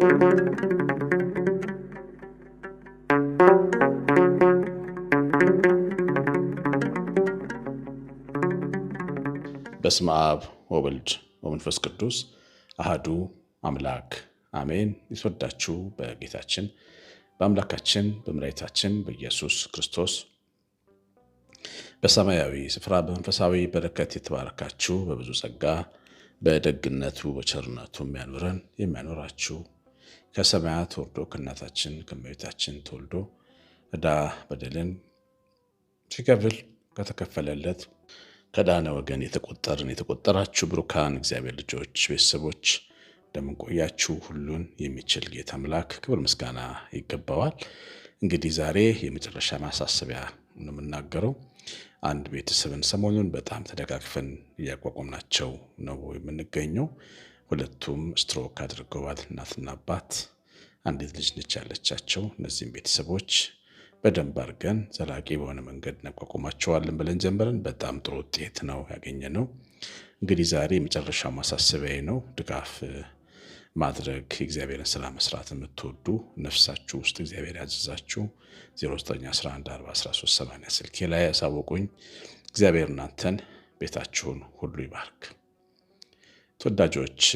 በስመ አብ ወወልድ ወመንፈስ ቅዱስ አህዱ አምላክ አሜን። ይስወዳችሁ በጌታችን በአምላካችን በመድኃኒታችን በኢየሱስ ክርስቶስ በሰማያዊ ስፍራ በመንፈሳዊ በረከት የተባረካችሁ በብዙ ጸጋ በደግነቱ በቸርነቱ የሚያኖረን የሚያኖራችሁ ከሰማያት ወርዶ ከእናታችን ከእመቤታችን ተወልዶ ዕዳ በደልን ሲከፍል ከተከፈለለት ከዳነ ወገን የተቆጠርን የተቆጠራችሁ ብሩካን እግዚአብሔር ልጆች ቤተሰቦች እንደምንቆያችሁ ሁሉን የሚችል ጌታ አምላክ ክብር ምስጋና ይገባዋል። እንግዲህ ዛሬ የመጨረሻ ማሳሰቢያ ነው የምናገረው። አንድ ቤተሰብን ሰሞኑን በጣም ተደጋግፈን እያቋቋምናቸው ነው የምንገኘው። ሁለቱም ስትሮክ አድርገዋል። እናትና አባት አንዲት ልጅ ነች ያለቻቸው። እነዚህም ቤተሰቦች በደንብ አድርገን ዘላቂ በሆነ መንገድ እናቋቁማቸዋለን ብለን ጀምረን በጣም ጥሩ ውጤት ነው ያገኘ ነው። እንግዲህ ዛሬ የመጨረሻ ማሳሰቢያ ነው። ድጋፍ ማድረግ እግዚአብሔርን ስራ መስራት የምትወዱ ነፍሳችሁ ውስጥ እግዚአብሔር ያዘዛችሁ 09114138 ስልኬ ላይ ያሳወቁኝ። እግዚአብሔር እናንተን ቤታችሁን ሁሉ ይባርክ። ተወዳጆች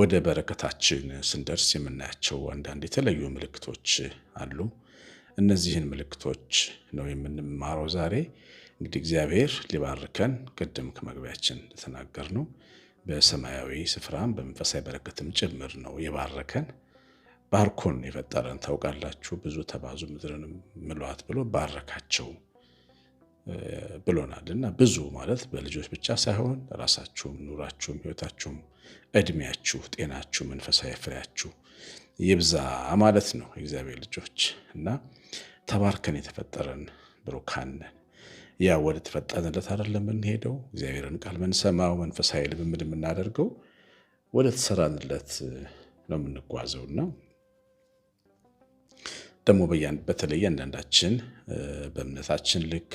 ወደ በረከታችን ስንደርስ የምናያቸው አንዳንድ የተለዩ ምልክቶች አሉ። እነዚህን ምልክቶች ነው የምንማረው ዛሬ። እንግዲህ እግዚአብሔር ሊባርከን ቅድም ከመግቢያችን ተናገር ነው። በሰማያዊ ስፍራም በመንፈሳዊ በረከትም ጭምር ነው የባረከን። ባርኮን የፈጠረን ታውቃላችሁ። ብዙ ተባዙ ምድርንም ምሏት ብሎ ባረካቸው። ብሎናል እና ብዙ ማለት በልጆች ብቻ ሳይሆን ራሳችሁም፣ ኑራችሁም፣ ህይወታችሁም፣ እድሜያችሁ፣ ጤናችሁ፣ መንፈሳዊ ፍሬያችሁ ይብዛ ማለት ነው። እግዚአብሔር ልጆች እና ተባርከን የተፈጠረን ብሩካን ያ ወደ ተፈጠንለት አይደለም የምንሄደው እግዚአብሔርን ቃል ምንሰማው መንፈሳዊ ልምምድ የምናደርገው ወደ ተሰራንለት ነው የምንጓዘው እና ደግሞ በተለይ አንዳንዳችን በእምነታችን ልክ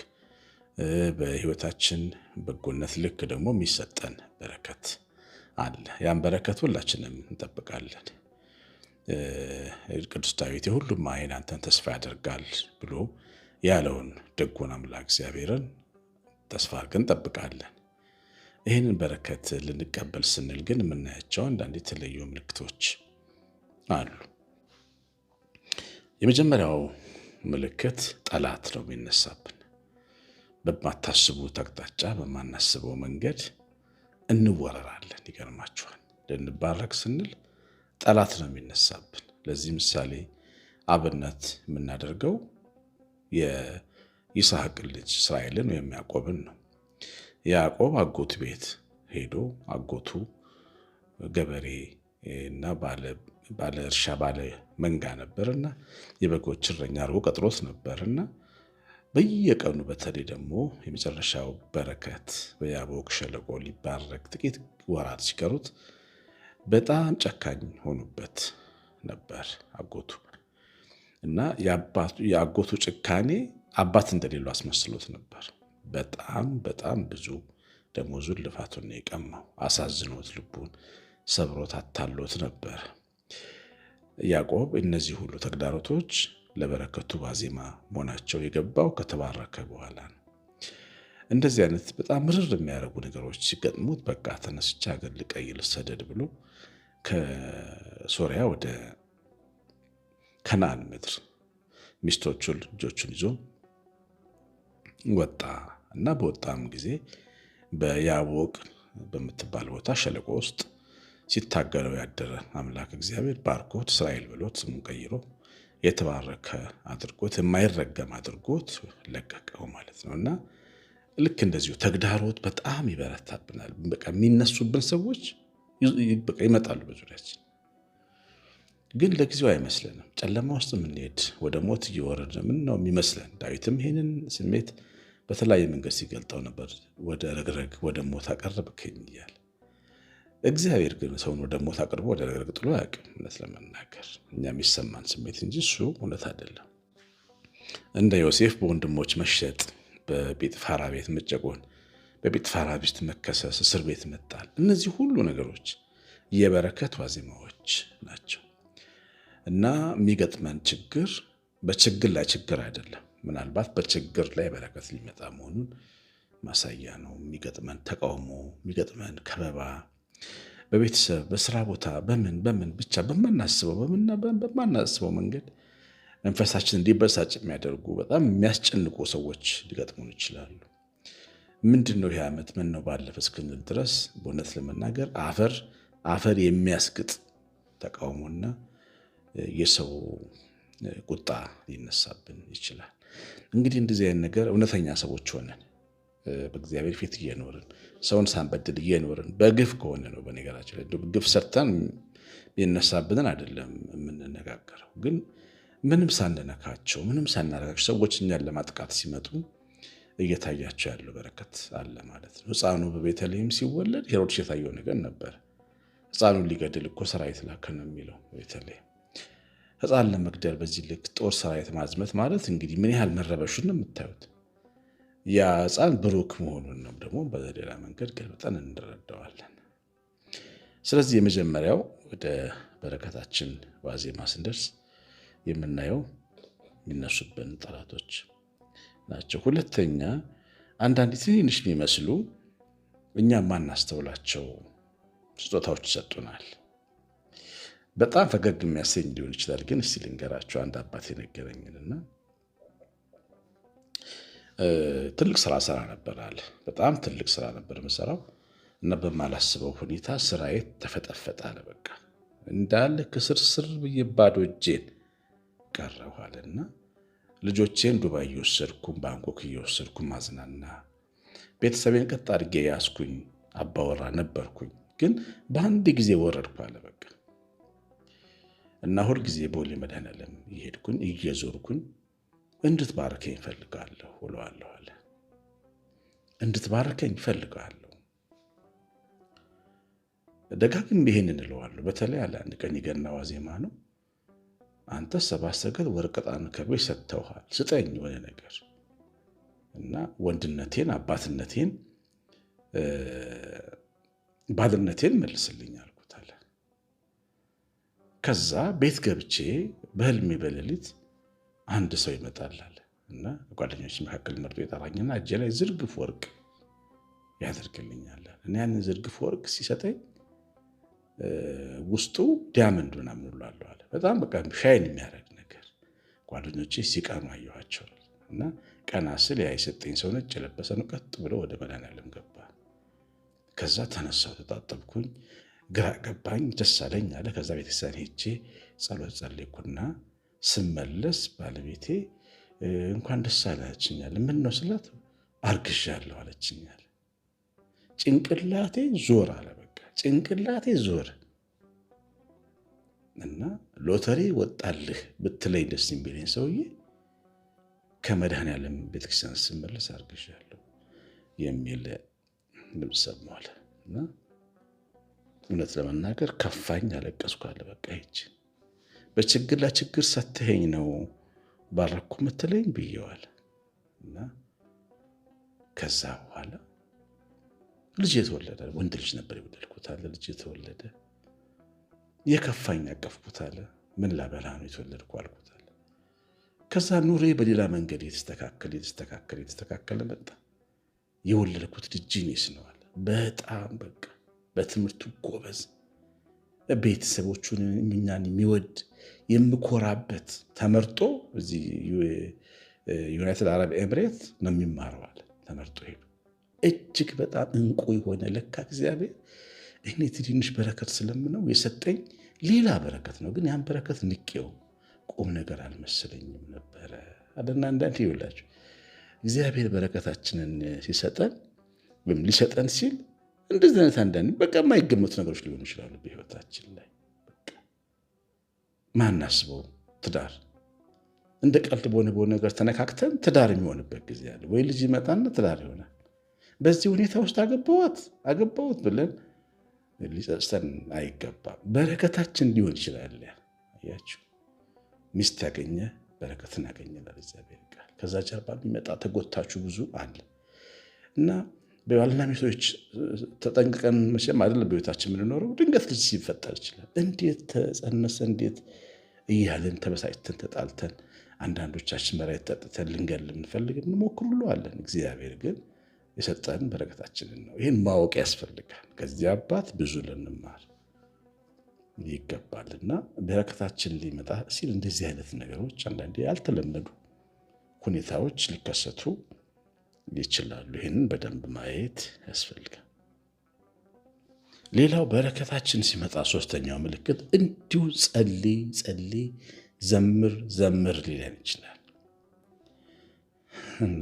በህይወታችን በጎነት ልክ ደግሞ የሚሰጠን በረከት አለ። ያን በረከት ሁላችንም እንጠብቃለን። ቅዱስ ዳዊት የሁሉም ዓይን አንተን ተስፋ ያደርጋል ብሎ ያለውን ደጎን አምላክ እግዚአብሔርን ተስፋ ግን እንጠብቃለን። ይህንን በረከት ልንቀበል ስንል ግን የምናያቸው አንዳንድ የተለዩ ምልክቶች አሉ። የመጀመሪያው ምልክት ጠላት ነው የሚነሳብን በማታስቡት አቅጣጫ በማናስበው መንገድ እንወረራለን። ይገርማችኋል። ልንባረክ ስንል ጠላት ነው የሚነሳብን። ለዚህ ምሳሌ አብነት የምናደርገው የይስሐቅ ልጅ እስራኤልን ወይም ያዕቆብን ነው። ያዕቆብ አጎት ቤት ሄዶ አጎቱ ገበሬ እና ባለ እርሻ ባለ መንጋ ነበር እና የበጎች እረኛ አድርጎ ቀጥሮት ነበር እና በየቀኑ በተለይ ደግሞ የመጨረሻው በረከት በያቦክ ሸለቆ ሊባረክ ጥቂት ወራት ሲቀሩት በጣም ጨካኝ ሆኑበት ነበር አጎቱ እና የአጎቱ ጭካኔ አባት እንደሌለው አስመስሎት ነበር። በጣም በጣም ብዙ ደሞዙን ልፋቱን የቀማው አሳዝኖት ልቡን ሰብሮት አታሎት ነበር። ያዕቆብ እነዚህ ሁሉ ተግዳሮቶች ለበረከቱ ባዜማ መሆናቸው የገባው ከተባረከ በኋላ ነው። እንደዚህ አይነት በጣም ምርር የሚያደርጉ ነገሮች ሲገጥሙት በቃ ተነስቼ ሀገር ልቀይ ልሰደድ ብሎ ከሶሪያ ወደ ከነአን ምድር ሚስቶቹን ልጆቹን ይዞ ወጣ እና በወጣም ጊዜ በያቦቅ በምትባል ቦታ ሸለቆ ውስጥ ሲታገለው ያደረ አምላክ እግዚአብሔር ባርኮት እስራኤል ብሎት ስሙን ቀይሮ የተባረከ አድርጎት የማይረገም አድርጎት ለቀቀው ማለት ነው። እና ልክ እንደዚሁ ተግዳሮት በጣም ይበረታብናል። በቃ የሚነሱብን ሰዎች በቃ ይመጣሉ በዙሪያችን፣ ግን ለጊዜው አይመስለንም። ጨለማ ውስጥ የምንሄድ ወደ ሞት እየወረደ ምን ነው የሚመስለን። ዳዊትም ይህንን ስሜት በተለያየ መንገድ ሲገልጠው ነበር። ወደ ረግረግ ወደ ሞት አቀረብከኝ እያለ እግዚአብሔር ግን ሰውን ወደ ሞት አቅርቦ ወደ ነገር ጥሎ አያውቅም። እውነት ለመናገር እኛ የሚሰማን ስሜት እንጂ እሱ እውነት አይደለም። እንደ ዮሴፍ በወንድሞች መሸጥ፣ በጲጥፋራ ቤት መጨቆን፣ በጲጥፋራ ቤት መከሰስ፣ እስር ቤት መጣል፣ እነዚህ ሁሉ ነገሮች የበረከት ዋዜማዎች ናቸው እና የሚገጥመን ችግር በችግር ላይ ችግር አይደለም። ምናልባት በችግር ላይ በረከት ሊመጣ መሆኑን ማሳያ ነው። የሚገጥመን ተቃውሞ፣ የሚገጥመን ከበባ በቤተሰብ በስራ ቦታ በምን በምን ብቻ በማናስበው በማናስበው መንገድ መንፈሳችን እንዲበሳጭ የሚያደርጉ በጣም የሚያስጨንቁ ሰዎች ሊገጥሙን ይችላሉ። ምንድን ነው ይህ ዓመት ምን ነው ባለፈ እስክንል ድረስ በእውነት ለመናገር አፈር አፈር የሚያስግጥ ተቃውሞና የሰው ቁጣ ሊነሳብን ይችላል። እንግዲህ እንደዚህ አይነት ነገር እውነተኛ ሰዎች ሆነን በእግዚአብሔር ፊት እየኖርን ሰውን ሳንበድል እየኖርን በግፍ ከሆነ ነው። በነገራችን ላይ ግፍ ሰርተን የሚነሳብንን አይደለም የምንነጋገረው፣ ግን ምንም ሳንነካቸው ምንም ሳናረጋቸው ሰዎች እኛን ለማጥቃት ሲመጡ እየታያቸው ያለው በረከት አለ ማለት ነው። ሕፃኑ በቤተልሔም ሲወለድ ሄሮድስ የታየው ነገር ነበር። ሕፃኑን ሊገድል እኮ ሰራዊት ላከ ነው የሚለው በቤተልሔም ሕፃን ለመግደል በዚህ ልክ ጦር ሰራዊት ማዝመት ማለት እንግዲህ ምን ያህል መረበሹን ነው የምታዩት። ያ ብሩክ መሆኑን ነው ደግሞ በሌላ መንገድ ገልብጠን እንረዳዋለን። ስለዚህ የመጀመሪያው ወደ በረከታችን ዋዜማ ስንደርስ የምናየው የሚነሱብን ጠላቶች ናቸው። ሁለተኛ አንዳንድ ትንንሽ የሚመስሉ እኛ ማናስተውላቸው ስጦታዎች ይሰጡናል። በጣም ፈገግ የሚያሰኝ ሊሆን ይችላል። ግን እስቲ ልንገራቸው አንድ አባት የነገረኝንና ትልቅ ስራ ስራ ነበር አለ። በጣም ትልቅ ስራ ነበር የምሰራው እና በማላስበው ሁኔታ ስራዬ ተፈጠፈጠ አለ። በቃ እንዳለ ከስርስር ብዬ ባዶ እጄን ቀረሁ አለና ልጆቼን ዱባይ እየወሰድኩም ባንኮክ እየወሰድኩም ማዝናና ቤተሰቤን ቀጥ አድርጌ ያስኩኝ አባወራ ነበርኩኝ። ግን በአንድ ጊዜ ወረድኩ አለ በቃ እና ሁልጊዜ ቦሌ መድኃኔዓለም እየሄድኩኝ እየዞርኩኝ እንድትባርከኝ እፈልጋለሁ ብለዋለሁ አለ። እንድትባርከኝ እፈልጋለሁ። ደጋግም ይሄንን እንለዋለሁ። በተለይ አለ አንድ ቀን የገና ዋዜማ ነው። አንተ ሰብአ ሰገል ወርቅ፣ ዕጣን፣ ከርቤ ሰጥተውሃል፣ ስጠኝ የሆነ ነገር እና ወንድነቴን አባትነቴን ባልነቴን መልስልኝ አልኩት አለ። ከዛ ቤት ገብቼ በህልሜ በሌሊት አንድ ሰው ይመጣል አለ እና ጓደኞች መካከል መርጦ የጠራኝና እጄ ላይ ዝርግፍ ወርቅ ያደርግልኛል። እና ያንን ዝርግፍ ወርቅ ሲሰጠኝ ውስጡ ዲያመንድ ምናምን ሁሉ አለው አለ። በጣም በቃ ሻይን የሚያደርግ ነገር ጓደኞቼ ሲቀኑ አየኋቸው እና ቀና ስል ያ የሰጠኝ ሰው ነጭ የለበሰ ነው። ቀጥ ብሎ ወደ መድኃኒዓለም ገባ። ከዛ ተነሳው፣ ተጣጠብኩኝ፣ ግራ ገባኝ፣ ደስ አለኝ አለ። ከዛ ቤተክርስቲያን ሄቼ ጸሎት ጸለይኩና ስመለስ ባለቤቴ እንኳን ደስ አለ አለችኛል። ምን ነው ስላት አርግዣለሁ አለችኛል። ጭንቅላቴ ዞር አለ። በቃ ጭንቅላቴ ዞር እና ሎተሪ ወጣልህ ብትለኝ ደስ የሚለኝ ሰውዬ ከመድኃኔዓለም ቤተክርስቲያን ስመለስ አርግዣለሁ የሚል ድምፅ ሰማሁ እና እውነት ለመናገር ከፋኝ፣ አለቀስኩ አለ በቃ ይችን በችግር ለችግር ሰትኸኝ ነው ባረኩ ምትለኝ ብየዋል እና ከዛ በኋላ ልጅ የተወለደ ወንድ ልጅ ነበር የወለድኩት አለ። ልጅ የተወለደ የከፋኝ ያቀፍኩት አለ። ምን ላበላ ነው የተወለድኩ አልኩት አለ። ከዛ ኑሬ በሌላ መንገድ የተስተካከለ የተስተካከለ የተስተካከለ መጣ። የወለድኩት ልጅ እኔስ ነው አለ። በጣም በቃ በትምህርቱ ጎበዝ ቤተሰቦቹን እኛን የሚወድ የምኮራበት ተመርጦ እዚህ ዩናይትድ አረብ ኤምሬት ነው የሚማረዋል። ተመርጦ ሄዱ። እጅግ በጣም እንቁ የሆነ ለካ እግዚአብሔር እኔ ትንሽ በረከት ስለምነው የሰጠኝ ሌላ በረከት ነው። ግን ያን በረከት ንቄው ቁም ነገር አልመሰለኝም ነበረ አለና አንዳንድ ይውላቸው እግዚአብሔር በረከታችንን ሲሰጠን ወይም ሊሰጠን ሲል እንደዚህ አይነት አንዳንድ በቃ የማይገመቱ ነገሮች ሊሆኑ ይችላሉ በህይወታችን ላይ ማናስበው ትዳር እንደ ቀልድ በሆነ በሆነ ነገር ተነካክተን ትዳር የሚሆንበት ጊዜ አለ ወይ ልጅ ይመጣና ትዳር ይሆናል። በዚህ ሁኔታ ውስጥ አገባዋት አገባሁት ብለን ሊጸጽተን አይገባም። በረከታችን ሊሆን ይችላል። አያችሁ ሚስት ያገኘ በረከትን ያገኘ እግዚአብሔር ቃል ከዛ ጀርባ የሚመጣ ተጎታችሁ ብዙ አለ እና በባልና ሚስቶች ተጠንቅቀን መቼም አይደለም በቤታችን የምንኖረው። ድንገት ልጅ ሲፈጠር ይችላል። እንዴት ተጸነሰ እንዴት እያልን ተበሳጭተን ተጣልተን፣ አንዳንዶቻችን መራየት ጠጥተን ልንገል የምንፈልግ እንሞክር ሁሉ አለን። እግዚአብሔር ግን የሰጠን በረከታችንን ነው። ይህን ማወቅ ያስፈልጋል። ከዚህ አባት ብዙ ልንማር እና በረከታችን ሊመጣ ሲል እንደዚህ አይነት ነገሮች አንዳንዴ ያልተለመዱ ሁኔታዎች ሊከሰቱ ይችላሉ። ይህንን በደንብ ማየት ያስፈልጋል። ሌላው በረከታችን ሲመጣ ሶስተኛው ምልክት እንዲሁ ጸልይ ጸልይ፣ ዘምር ዘምር ሊለን ይችላል እና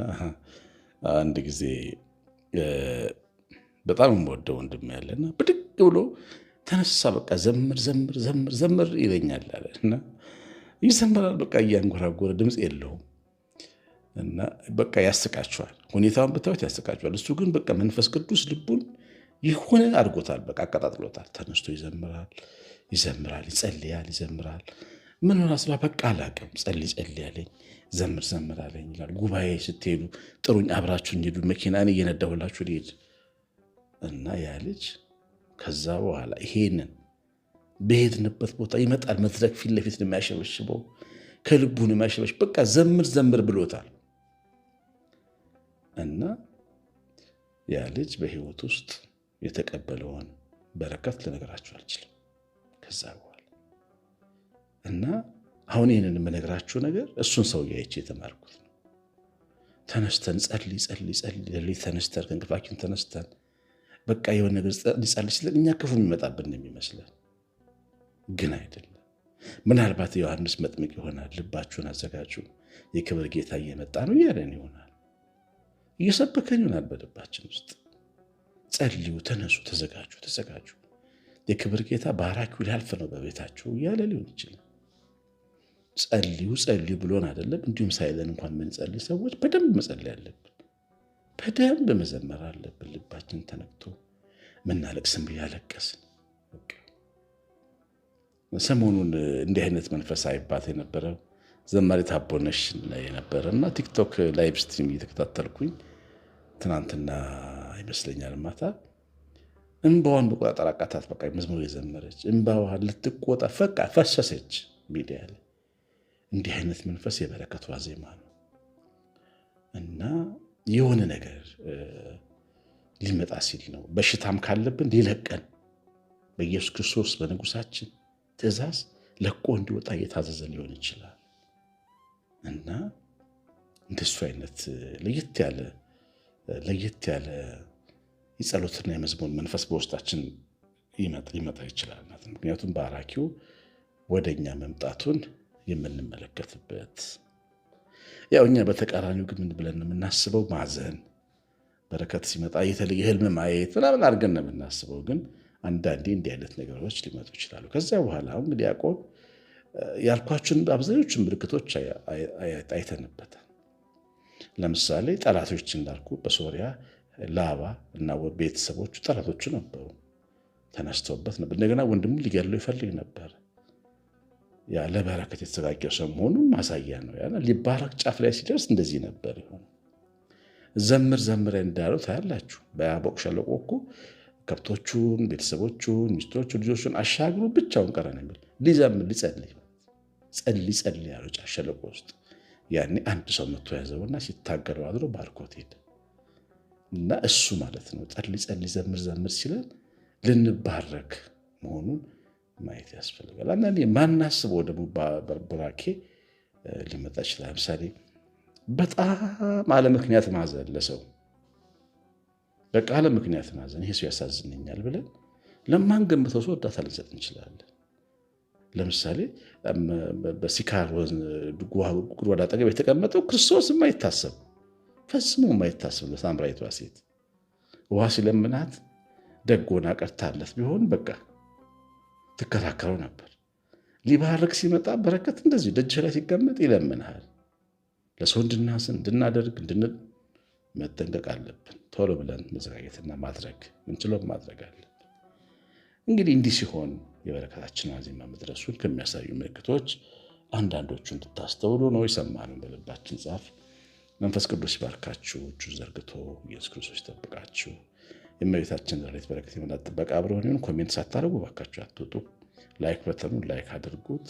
አንድ ጊዜ በጣም የምወደው ወንድም ያለና ብድግ ብሎ ተነሳ። በቃ ዘምር ዘምር ዘምር ዘምር ይለኛል አለ እና ይዘምራል። በቃ እያንጎራጎረ ድምፅ የለውም እና በቃ ያስቃቸዋል። ሁኔታውን ብታዩት ያስቃቸዋል። እሱ ግን በቃ መንፈስ ቅዱስ ልቡን ይሆነ አድርጎታል። በቃ አቀጣጥሎታል። ተነስቶ ይዘምራል፣ ይዘምራል፣ ይጸልያል፣ ይዘምራል። ምን ሆና ስራ በቃ አላቅም ጸል ጸል ያለኝ ዘምር ዘምር አለኝ ይላል። ጉባኤ ስትሄዱ ጥሩኝ፣ አብራችሁ እንሄዱ፣ መኪና እየነዳሁላችሁ ልሄድ እና ያ ልጅ ከዛ በኋላ ይሄንን በሄድንበት ቦታ ይመጣል። መድረክ ፊት ለፊት ነው የሚያሸበሽበው፣ ከልቡ ነው የሚያሸበሽ። በቃ ዘምር ዘምር ብሎታል። እና ያ ልጅ በህይወት ውስጥ የተቀበለውን በረከት ልነግራችሁ አልችልም። ከዛ በኋላ እና አሁን ይህንን የምነግራችሁ ነገር እሱን ሰው ያይች የተማርኩት ነው። ተነስተን ጸል ጸል ጸል ሌሊት ተነስተን ከእንቅልፋችን ተነስተን በቃ የሆነ ነገር ሊጸል ሲለን እኛ ክፉ የሚመጣብን የሚመስለን ግን አይደለም። ምናልባት ዮሐንስ መጥምቅ ይሆናል ልባችሁን አዘጋጁ የክብር ጌታ እየመጣ ነው እያለን ይሆናል እየሰበከን ይሆናል። በልባችን ውስጥ ጸልዩ፣ ተነሱ፣ ተዘጋጁ፣ ተዘጋጁ የክብር ጌታ ባራኪው ሊያልፍ ነው በቤታቸው እያለ ሊሆን ይችላል። ጸልዩ ጸልዩ ብሎን አይደለም፣ እንዲሁም ሳይለን እንኳን የምንጸልይ ሰዎች በደንብ መጸለይ አለብን። በደንብ መዘመር አለብን። ልባችን ተነክቶ የምናለቅስም እያለቀስን ሰሞኑን እንዲህ አይነት መንፈስ አይባት የነበረ ዘማሪ ታቦነሽ የነበረ እና ቲክቶክ ላይቭ ስትሪም እየተከታተልኩኝ ትናንትና ይመስለኛል ማታ እንባዋን በቆጣጠር አቃታት። በቃ መዝሙር የዘመረች እንባዋን ልትቆጣ ፈቃ ፈሰሰች ሚዲያ ላይ። እንዲህ አይነት መንፈስ የበረከቱ ዜማ ነው እና የሆነ ነገር ሊመጣ ሲል ነው። በሽታም ካለብን ሊለቀን በኢየሱስ ክርስቶስ በንጉሳችን ትእዛዝ ለቆ እንዲወጣ እየታዘዘ ሊሆን ይችላል እና እንደሱ አይነት ለየት ያለ ለየት ያለ የጸሎትና የመዝሙር መንፈስ በውስጣችን ሊመጣ ይችላል። ምክንያቱም ባራኪው ወደ እኛ መምጣቱን የምንመለከትበት ያው እኛ በተቃራኒው ግን ምን ብለን የምናስበው ማዘን፣ በረከት ሲመጣ የተለየ ህልም ማየት ምናምን አድርገን ነው የምናስበው። ግን አንዳንዴ እንዲህ አይነት ነገሮች ሊመጡ ይችላሉ። ከዚያ በኋላ እንግዲህ ያዕቆብ ያልኳችሁን አብዛኞቹን ምልክቶች አይተንበታል። ለምሳሌ ጠላቶች እንዳልኩ በሶሪያ ላባ እና ቤተሰቦቹ ጠላቶቹ ነበሩ። ተነስተውበት ነበር። እንደገና ወንድሙ ሊገድለው ይፈልግ ነበር። ያ ለበረከት የተዘጋጀ ሰው መሆኑን ማሳያ ነው። ያ ሊባረክ ጫፍ ላይ ሲደርስ እንደዚህ ነበር የሆነ ዘምር ዘምር እንዳለው ታያላችሁ። በያቦቅ ሸለቆ እኮ ከብቶቹን፣ ቤተሰቦቹን፣ ሚስቶቹ፣ ልጆቹን አሻግሩ ብቻውን ቀረን የሚል ሊዘምር ሊጸልይ ጸልይ ጸልይ ያለው ጫፍ ሸለቆ ውስጥ ያኔ አንድ ሰው መቶ ያዘውና ሲታገለው አድሮ ባርኮት ሄደ እና እሱ ማለት ነው ጸልይ ጸልይ ዘምር ዘምር ሲለን ልንባረክ መሆኑን ማየት ያስፈልጋል። አንዳንዴ ማናስበው ደግሞ ቡራኬ ሊመጣ ይችላል። ለምሳሌ በጣም አለ ምክንያት ማዘን ለሰው በቃ አለ ምክንያት ማዘን ይሄ ሰው ያሳዝነኛል ብለን ለማንገምተው ሰው እርዳታ ልንሰጥ እንችላለን። ለምሳሌ በሲካር ጉድጓድ አጠገብ የተቀመጠው ክርስቶስ የማይታሰብ ፈጽሞ የማይታሰብ ለሳምራዊቷ ሴት ውሃ ሲለምናት ደጎና ቀርታለት ቢሆን በቃ ትከራከረው ነበር። ሊባርክ ሲመጣ በረከት እንደዚሁ ደጅ ላይ ሲቀመጥ ይለምንሃል። ለሰው እንድናስን እንድናደርግ እንድንል መጠንቀቅ አለብን። ቶሎ ብለን መዘጋጀትና ማድረግ ምንችለው ማድረግ አለብን። እንግዲህ እንዲህ ሲሆን የበረከታችን ዋዜማ መድረሱን ከሚያሳዩ ምልክቶች አንዳንዶቹ እንድታስተውሉ ነው። የሰማነውን በልባችን ጻፍ። መንፈስ ቅዱስ ይባርካችሁ፣ እጁ ዘርግቶ ኢየሱስ ክርስቶስ ይጠብቃችሁ። የእመቤታችን ረድኤት በረከት የመላእክት ጥበቃ አብሮን ይሁን። ኮሜንት ሳታደርጉ እባካችሁ አትወጡ። ላይክ በተኑን ላይክ አድርጉት።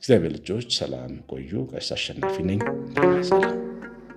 እግዚአብሔር ልጆች ሰላም ቆዩ። ቀሲስ አሸናፊ ነኝ። ሰላም